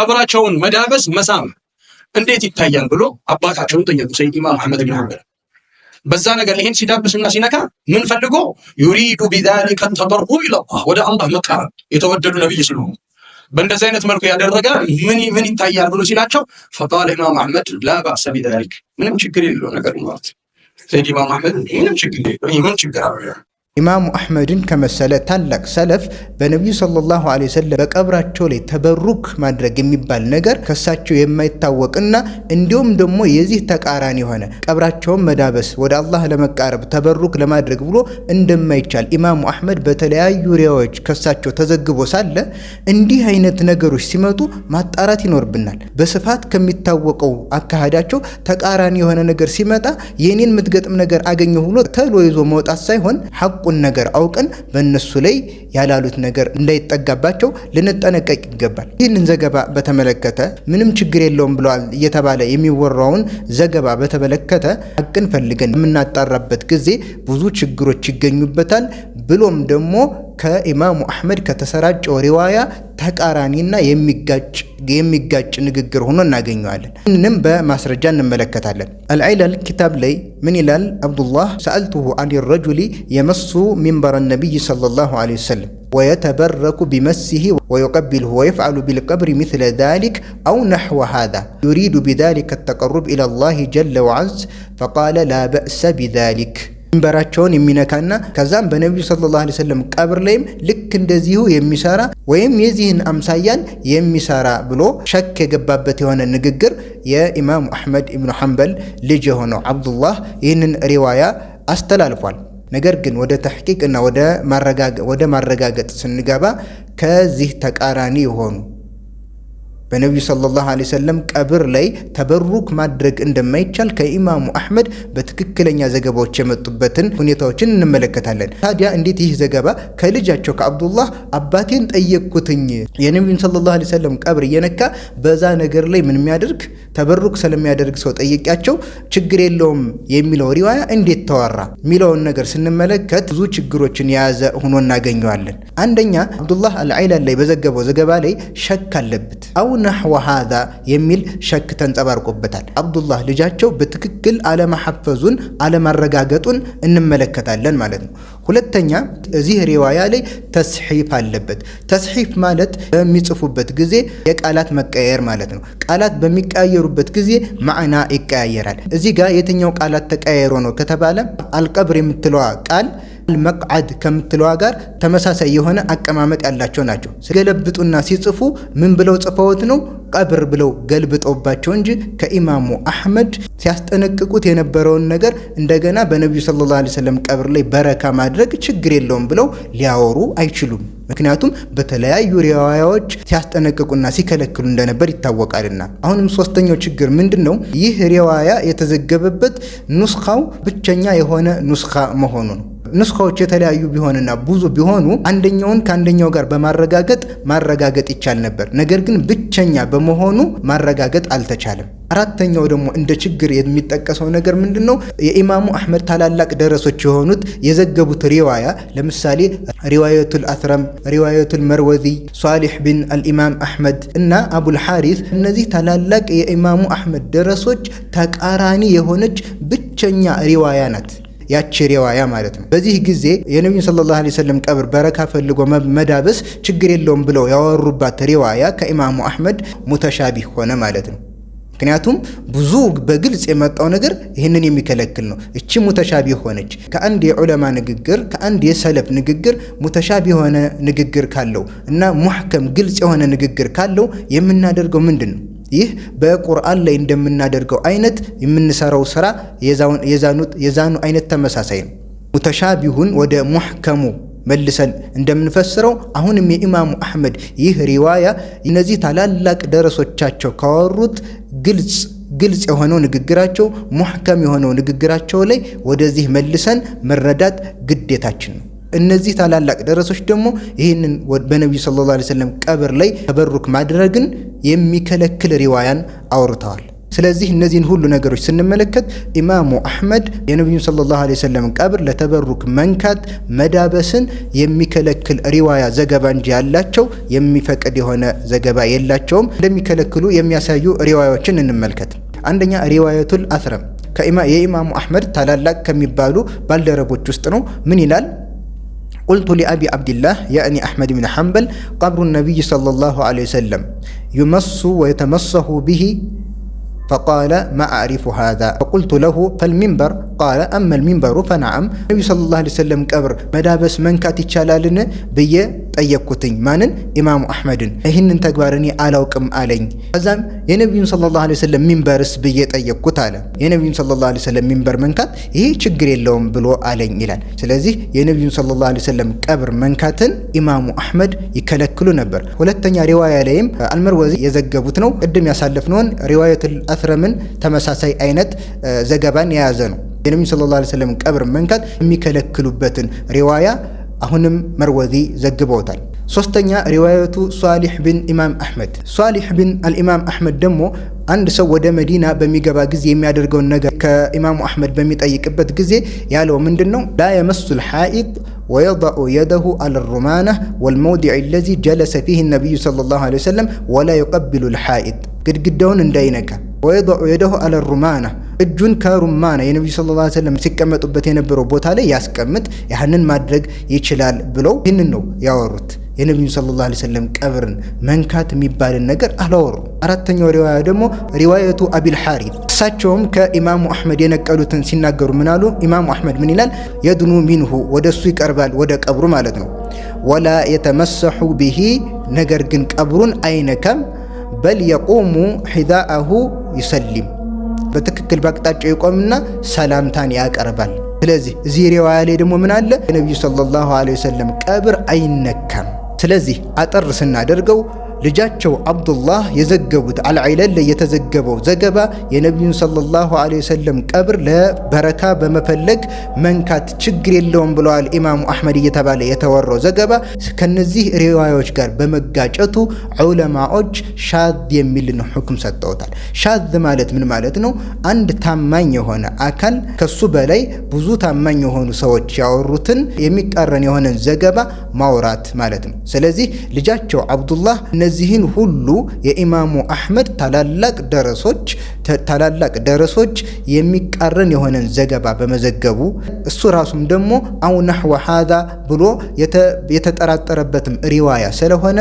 ቀብራቸውን መዳበስ መሳም እንዴት ይታያል ብሎ አባታቸውን ጠየቁ። ሰይድ ኢማም አሕመድ ብን ሐንበል በዛ ነገር ይህን ሲዳብስና ሲነካ ምን ፈልጎ ዩሪዱ ቢዛሊከ ተበሩ ኢለላህ ወደ አላህ መቃረብ የተወደዱ ነቢይ ስለሆኑ በእንደዚህ አይነት መልኩ ያደረገ ምን ምን ይታያል ብሎ ሲላቸው ፈቃለ ኢማም አሕመድ ላ ባእሰ ቢዛሊክ ምንም ችግር የሌለው ነገር ማለት ሰይድ ኢማም አሕመድ ምንም ችግር የሌለው ምን ችግር አለ ኢማሙ አሕመድን ከመሰለ ታላቅ ሰለፍ በነቢዩ ሰለላሁ ዐለይሂ ወሰለም በቀብራቸው ላይ ተበሩክ ማድረግ የሚባል ነገር ከሳቸው የማይታወቅና እንዲሁም ደግሞ የዚህ ተቃራኒ የሆነ ቀብራቸውን መዳበስ ወደ አላህ ለመቃረብ ተበሩክ ለማድረግ ብሎ እንደማይቻል ኢማሙ አሕመድ በተለያዩ ሪያዎች ከሳቸው ተዘግቦ ሳለ እንዲህ አይነት ነገሮች ሲመጡ ማጣራት ይኖርብናል። በስፋት ከሚታወቀው አካሄዳቸው ተቃራኒ የሆነ ነገር ሲመጣ የኔን የምትገጥም ነገር አገኘሁ ብሎ ተሎ ይዞ መውጣት ሳይሆን ሐቁ ያላወቁን ነገር አውቀን በእነሱ ላይ ያላሉት ነገር እንዳይጠጋባቸው ልንጠነቀቅ ይገባል። ይህንን ዘገባ በተመለከተ ምንም ችግር የለውም ብለዋል እየተባለ የሚወራውን ዘገባ በተመለከተ ሀቅን ፈልገን የምናጣራበት ጊዜ ብዙ ችግሮች ይገኙበታል ብሎም ደግሞ ከኢማሙ አሕመድ ከተሰራጨው ሪዋያ ተቃራኒና የሚጋጭ የሚጋጭ ንግግር ሆኖ እናገኘዋለን። ይህንንም በማስረጃ እንመለከታለን። አልዒለል ኪታብ ላይ ምን ይላል? አብዱላህ ሰአልቱሁ አን ረጁሊ የመሱ ሚንበር ነቢይ ሰለላሁ ዐለይሂ ወሰለም ወየተበረኩ ቢመስህ ወዩቀቢልሁ ወይፍዓሉ ቢልቀብሪ ምስለ ዛሊክ አው ነሕወ ሃዛ ዩሪዱ ቢዛሊከ ተቀሩብ ኢለላሂ ጀለ ወዐዝ ፈቃለ ላ በእሰ ቢዛሊክ ድንበራቸውን የሚነካና ከዛም በነቢዩ ሰለላሁ ዐለይሂ ወሰለም ቀብር ላይም ልክ እንደዚሁ የሚሰራ ወይም የዚህን አምሳያን የሚሰራ ብሎ ሸክ የገባበት የሆነ ንግግር የኢማሙ አሕመድ ኢብኑ ሐንበል ልጅ የሆነው አብዱላህ ይህንን ሪዋያ አስተላልፏል። ነገር ግን ወደ ተሕቂቅ እና ወደ ማረጋገጥ ስንገባ ከዚህ ተቃራኒ የሆኑ በነቢዩ ሰለላሁ ዐለይሂ ወሰለም ቀብር ላይ ተበሩክ ማድረግ እንደማይቻል ከኢማሙ አሕመድ በትክክለኛ ዘገባዎች የመጡበትን ሁኔታዎችን እንመለከታለን። ታዲያ እንዴት ይህ ዘገባ ከልጃቸው ከአብዱላህ አባቴን ጠየቅኩትኝ የነቢዩን ሰለላሁ ዐለይሂ ወሰለም ቀብር እየነካ በዛ ነገር ላይ ምን የሚያደርግ ተበሩክ ስለሚያደርግ ሰው ጠየቂያቸው ችግር የለውም የሚለው ሪዋያ እንዴት ተዋራ የሚለውን ነገር ስንመለከት ብዙ ችግሮችን የያዘ ሆኖ እናገኘዋለን። አንደኛ አብዱላህ አልዓይላን ላይ በዘገበው ዘገባ ላይ ሸክ አለበት አሁን ነሕወ ሃዛ የሚል ሸክ ተንጸባርቆበታል። አብዱላህ ልጃቸው በትክክል አለመሐፈዙን አለማረጋገጡን እንመለከታለን ማለት ነው። ሁለተኛ እዚህ ሪዋያ ላይ ተስሒፍ አለበት። ተስሒፍ ማለት በሚጽፉበት ጊዜ የቃላት መቀየር ማለት ነው። ቃላት በሚቀያየሩበት ጊዜ ማዕና ይቀያየራል። እዚህ ጋር የትኛው ቃላት ተቀያየሮ ነው ከተባለ አልቀብር የምትለዋ ቃል መቅዓድ ከምትለዋ ጋር ተመሳሳይ የሆነ አቀማመጥ ያላቸው ናቸው። ሲገለብጡና ሲጽፉ ምን ብለው ጽፈውት ነው? ቀብር ብለው ገልብጠውባቸው እንጂ ከኢማሙ አሕመድ ሲያስጠነቅቁት የነበረውን ነገር እንደገና በነቢዩ ሰለላሁ ዓለይሂ ወሰለም ቀብር ላይ በረካ ማድረግ ችግር የለውም ብለው ሊያወሩ አይችሉም። ምክንያቱም በተለያዩ ሪዋያዎች ሲያስጠነቅቁና ሲከለክሉ እንደነበር ይታወቃልና። አሁንም ሶስተኛው ችግር ምንድን ነው? ይህ ሪዋያ የተዘገበበት ኑስኻው ብቸኛ የሆነ ኑስኻ መሆኑ ነው። ንስኮች የተለያዩ ቢሆንና ብዙ ቢሆኑ አንደኛውን ከአንደኛው ጋር በማረጋገጥ ማረጋገጥ ይቻል ነበር። ነገር ግን ብቸኛ በመሆኑ ማረጋገጥ አልተቻለም። አራተኛው ደግሞ እንደ ችግር የሚጠቀሰው ነገር ምንድን ነው? የኢማሙ አህመድ ታላላቅ ደረሶች የሆኑት የዘገቡት ሪዋያ ለምሳሌ ሪዋየቱል አትረም፣ ሪዋየቱል መርወዚ፣ ሷሊሕ ቢን አልኢማም አሕመድ እና አቡል ሐሪስ እነዚህ ታላላቅ የኢማሙ አህመድ ደረሶች ተቃራኒ የሆነች ብቸኛ ሪዋያ ናት። ያቺ ሪዋያ ማለት ነው። በዚህ ጊዜ የነቢዩ ሰለላሁ ዐለይሂ ወሰለም ቀብር በረካ ፈልጎ መዳበስ ችግር የለውም ብለው ያወሩባት ሪዋያ ከኢማሙ አሕመድ ሙተሻቢህ ሆነ ማለት ነው። ምክንያቱም ብዙ በግልጽ የመጣው ነገር ይህንን የሚከለክል ነው። እቺ ሙተሻቢ ሆነች። ከአንድ የዑለማ ንግግር ከአንድ የሰለፍ ንግግር ሙተሻቢ የሆነ ንግግር ካለው እና ሙሕከም ግልጽ የሆነ ንግግር ካለው የምናደርገው ምንድን ነው? ይህ በቁርአን ላይ እንደምናደርገው አይነት የምንሰራው ስራ የዛኑ አይነት ተመሳሳይ ነው። ሙተሻቢሁን ወደ ሙሕከሙ መልሰን እንደምንፈስረው አሁንም የኢማሙ አሕመድ ይህ ሪዋያ እነዚህ ታላላቅ ደረሶቻቸው ካወሩት ግልጽ ግልጽ የሆነው ንግግራቸው ሙሕከም የሆነው ንግግራቸው ላይ ወደዚህ መልሰን መረዳት ግዴታችን ነው። እነዚህ ታላላቅ ደረሶች ደግሞ ይህንን በነቢዩ ሰለላሁ ዐለይሂ ወሰለም ቀብር ላይ ተበሩክ ማድረግን የሚከለክል ሪዋያን አውርተዋል። ስለዚህ እነዚህን ሁሉ ነገሮች ስንመለከት ኢማሙ አሕመድ የነቢዩ ሰለላሁ ዐለይሂ ወሰለም ቀብር ለተበሩክ መንካት፣ መዳበስን የሚከለክል ሪዋያ ዘገባ እንጂ ያላቸው የሚፈቅድ የሆነ ዘገባ የላቸውም። እንደሚከለክሉ የሚያሳዩ ሪዋያዎችን እንመልከት። አንደኛ ሪዋያቱል አስረም የኢማሙ አሕመድ ታላላቅ ከሚባሉ ባልደረቦች ውስጥ ነው። ምን ይላል? قلت لأبي عبد الله يعني أحمد بن حنبل قبر النبي صلى الله عليه وسلم يمس ويتمسه به فقال ما أعرف هذا فقلت له فالمنبر قال أما المنبر فنعم النبي صلى الله عليه وسلم قبر መዳበስ መንካት ይቻላልን ብዬ ጠየቅኩትኝ። ማንን? ኢማሙ አሕመድን። ይህንን ተግባር እኔ አላውቅም አለኝ። ከዛም የነቢዩን ሰለላሁ ዐለይሂ ወሰለም ሚንበርስ ብዬ ጠየቅኩት አለ። የነቢዩን ሰለላሁ ዐለይሂ ወሰለም ሚንበር መንካት ይሄ ችግር የለውም ብሎ አለኝ ይላል። ስለዚህ የነቢዩን ሰለላሁ ዐለይሂ ወሰለም ቀብር መንካትን ኢማሙ አሕመድ ይከለክሉ ነበር። ሁለተኛ ሪዋያ ላይም አልመርወዚ የዘገቡት ነው። ቅድም ያሳለፍነውን ሪዋየቱል ኤፍረምን ተመሳሳይ አይነት ዘገባን የያዘ ነው። የነቢዩ ሰለላሁ ዐለይሂ ወሰለም ቀብር መንካት የሚከለክሉበትን ሪዋያ አሁንም መርወዚ ዘግበውታል። ሶስተኛ ሪዋየቱ ሷሊሕ ብን ኢማም አሕመድ። ሷሊሕ ብን አልኢማም አሕመድ ደግሞ አንድ ሰው ወደ መዲና በሚገባ ጊዜ የሚያደርገውን ነገር ከኢማሙ አሕመድ በሚጠይቅበት ጊዜ ያለው ምንድን ነው? ላ የመሱ ልሓኢጥ ወየضዑ የደሁ አልሩማና ወልመውዲዕ ለዚ ጀለሰ ፊህ ነቢዩ ሰለላሁ ዐለይሂ ወሰለም ወላ ዩቀቢሉ ልሓኢጥ ግድግዳውን እንዳይነካ ወየደዑ የደሁ አለ ሩማና እጁን ከሩማና የነቢዩ ሰለላሁ ዐለይሂ ወሰለም ሲቀመጡበት የነበረው ቦታ ላይ ያስቀምጥ፣ ያህንን ማድረግ ይችላል ብለው ይህንን ነው ያወሩት። የነቢዩ ሰለላሁ ዐለይሂ ወሰለም ቀብርን መንካት የሚባልን ነገር አላወሩ። አራተኛው ሪዋያ ደግሞ ሪዋየቱ አቢል ሐሪት እሳቸውም ከኢማሙ አሕመድ የነቀሉትን ሲናገሩ ምናሉ? ኢማሙ አሕመድ ምን ይላል? የድኑ ሚንሁ ወደ እሱ ይቀርባል ወደ ቀብሩ ማለት ነው። ወላ የተመሰሑ ብሂ ነገር ግን ቀብሩን አይነከም በል የቆሙ ሒዳአሁ ይሰሊም በትክክል በአቅጣጫው ይቆምና ሰላምታን ያቀርባል። ስለዚህ እዚህ ሪዋያ ላይ ደግሞ ምን አለ? የነቢዩ ሰለላሁ ዐለይሂ ወሰለም ቀብር አይነካም። ስለዚህ አጠር ስናደርገው ልጃቸው አብዱላህ የዘገቡት አልዓይለል ላይ የተዘገበው ዘገባ የነቢዩን ሰለላሁ ዐለይሂ ወሰለም ቀብር ለበረካ በመፈለግ መንካት ችግር የለውም ብለዋል ኢማሙ አሕመድ እየተባለ የተወራው ዘገባ ከነዚህ ሪዋዮች ጋር በመጋጨቱ ዑለማዎች ሻዝ የሚልን ሁክም ሰጠውታል። ሻዝ ማለት ምን ማለት ነው? አንድ ታማኝ የሆነ አካል ከሱ በላይ ብዙ ታማኝ የሆኑ ሰዎች ያወሩትን የሚቃረን የሆነን ዘገባ ማውራት ማለት ነው። ስለዚህ ልጃቸው አብዱላህ እነዚህን ሁሉ የኢማሙ አሕመድ ታላላቅ ደረሶች ታላላቅ ደረሶች የሚቃረን የሆነን ዘገባ በመዘገቡ እሱ ራሱም ደግሞ አው ናሕወ ሃዛ ብሎ የተጠራጠረበትም ሪዋያ ስለሆነ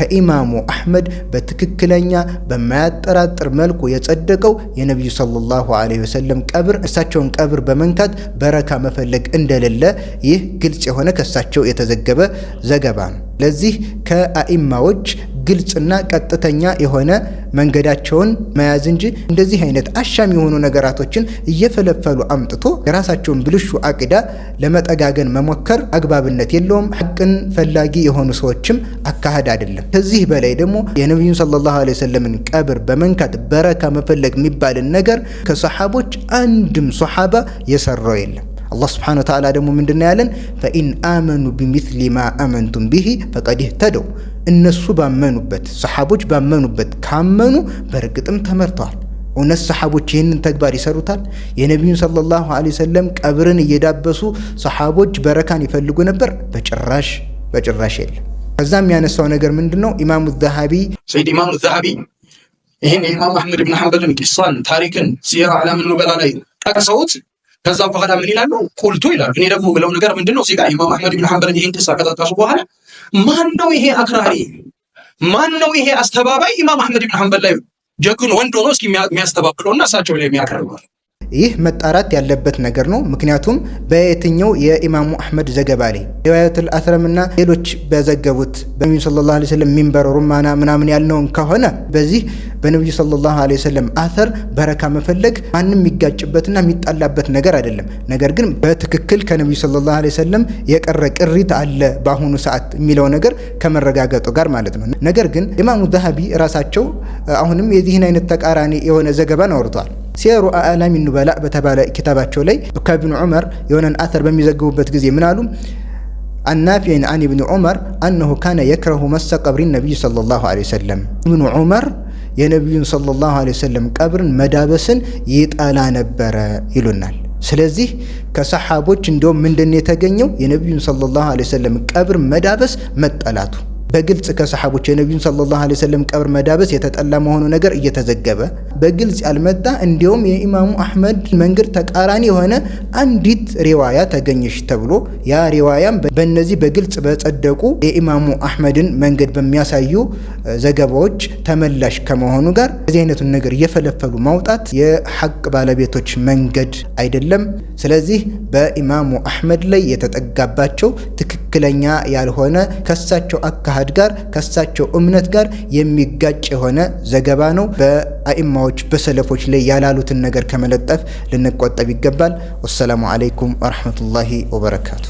ከኢማሙ አሕመድ በትክክለኛ በማያጠራጥር መልኩ የጸደቀው የነቢዩ ሰለላሁ ዐለይሂ ወሰለም ቀብር እሳቸውን ቀብር በመንካት በረካ መፈለግ እንደሌለ ይህ ግልጽ የሆነ ከእሳቸው የተዘገበ ዘገባ ነው። ለዚህ ከአኢማዎች ግልጽና ቀጥተኛ የሆነ መንገዳቸውን መያዝ እንጂ እንደዚህ አይነት አሻሚ የሆኑ ነገራቶችን እየፈለፈሉ አምጥቶ የራሳቸውን ብልሹ አቂዳ ለመጠጋገን መሞከር አግባብነት የለውም። ሐቅን ፈላጊ የሆኑ ሰዎችም አካሄድ አይደለም። ከዚህ በላይ ደግሞ የነቢዩን ሰለላሁ ዐለይሂ ወሰለምን ቀብር በመንካት በረካ መፈለግ የሚባልን ነገር ከሰሓቦች አንድም ሰሓባ የሰራው የለም። አላህ ስብሓነ ወተዓላ ደግሞ ምንድን ያለን ፈኢን አመኑ ቢሚስሊ ማ አመንቱም ቢሂ ፈቀድ እህተደው እነሱ ባመኑበት ሰሓቦች ባመኑበት ካመኑ በእርግጥም ተመርተዋል። እውነት ሰሓቦች ይህንን ተግባር ይሰሩታል? የነቢዩን ሰለላሁ ዐለይሂ ወሰለም ቀብርን እየዳበሱ ሰሓቦች በረካን ይፈልጉ ነበር? በጭራሽ በጭራሽ የለም። ከዛ የሚያነሳው ነገር ምንድን ነው? ኢማሙ ዛሃቢ ሰይድ ኢማሙ ዛሃቢ ይህን የኢማም አሕመድ ብን ሐንበልን ቂሷን፣ ታሪክን፣ ሲራ ዓላምን ኑበላ ላይ ጠቅሰውት ከዛም በኋላ ምን ይላሉ? ቁልቱ ይላሉ። እኔ ደግሞ ምለው ነገር ምንድነው? እዚህ ጋር ኢማም አህመድ ብን ሐንበል ይህን ጥቅስ ከጠቀሱ በኋላ ማን ነው ይሄ አክራሪ? ማን ነው ይሄ አስተባባይ? ኢማም አህመድ ብን ሐንበል ላይ ጀግኖ ወንድ ሆኖ እስኪ የሚያስተባብለው እና እሳቸው ላይ የሚያቀርበው ይህ መጣራት ያለበት ነገር ነው። ምክንያቱም በየትኛው የኢማሙ አህመድ ዘገባ ላይ ሪዋያቱል አስረምና ሌሎች በዘገቡት በነቢዩ ሰለላሁ ዐለይሂ ወሰለም ሚንበር ሩማና ምናምን ያልነውን ከሆነ በዚህ በነቢዩ ሰለላሁ ዐለይሂ ወሰለም አሰር በረካ መፈለግ ማንም የሚጋጭበትና የሚጣላበት ነገር አይደለም። ነገር ግን በትክክል ከነቢዩ ሰለላሁ ዐለይሂ ወሰለም የቀረ ቅሪት አለ በአሁኑ ሰዓት የሚለው ነገር ከመረጋገጡ ጋር ማለት ነው። ነገር ግን ኢማሙ ዛሀቢ ራሳቸው አሁንም የዚህን አይነት ተቃራኒ የሆነ ዘገባን አውርተዋል። ሲየሩ አዕላሚ ኑበላ በተባለ ኪታባቸው ላይ ከብን ዑመር የሆነን አተር በሚዘግቡበት ጊዜ ምን አሉ? አን ብን ዑመር አነሁ ካነ የክረሁ መሰ ቀብሪ ነቢይ ሰለላሁ ዐለይሂ ወሰለም። ኢብኑ ዑመር የነቢዩን ሰለላሁ ዐለይሂ ወሰለም ቀብርን መዳበስን ይጠላ ነበረ ይሉናል። ስለዚህ ከሰሓቦች እንዲሁም ምንድን የተገኘው የነቢዩን ሰለላሁ ዐለይሂ ወሰለም ቀብር መዳበስ መጠላቱ በግልጽ ከሰሓቦች የነቢዩን ሰለላሁ ዐለይሂ ወሰለም ቀብር መዳበስ የተጠላ መሆኑ ነገር እየተዘገበ በግልጽ ያልመጣ እንዲሁም የኢማሙ አሕመድ መንገድ ተቃራኒ የሆነ አንዲት ሪዋያ ተገኘሽ ተብሎ ያ ሪዋያም በእነዚህ በግልጽ በጸደቁ የኢማሙ አሕመድን መንገድ በሚያሳዩ ዘገባዎች ተመላሽ ከመሆኑ ጋር እዚህ አይነቱን ነገር እየፈለፈሉ ማውጣት የሐቅ ባለቤቶች መንገድ አይደለም። ስለዚህ በኢማሙ አሕመድ ላይ የተጠጋባቸው ትክክል ትክክለኛ ያልሆነ ከሳቸው አካሄድ ጋር ከሳቸው እምነት ጋር የሚጋጭ የሆነ ዘገባ ነው። በአኢማዎች በሰለፎች ላይ ያላሉትን ነገር ከመለጠፍ ልንቆጠብ ይገባል። ወሰላሙ አለይኩም ወረህመቱላሂ ወበረካቱ።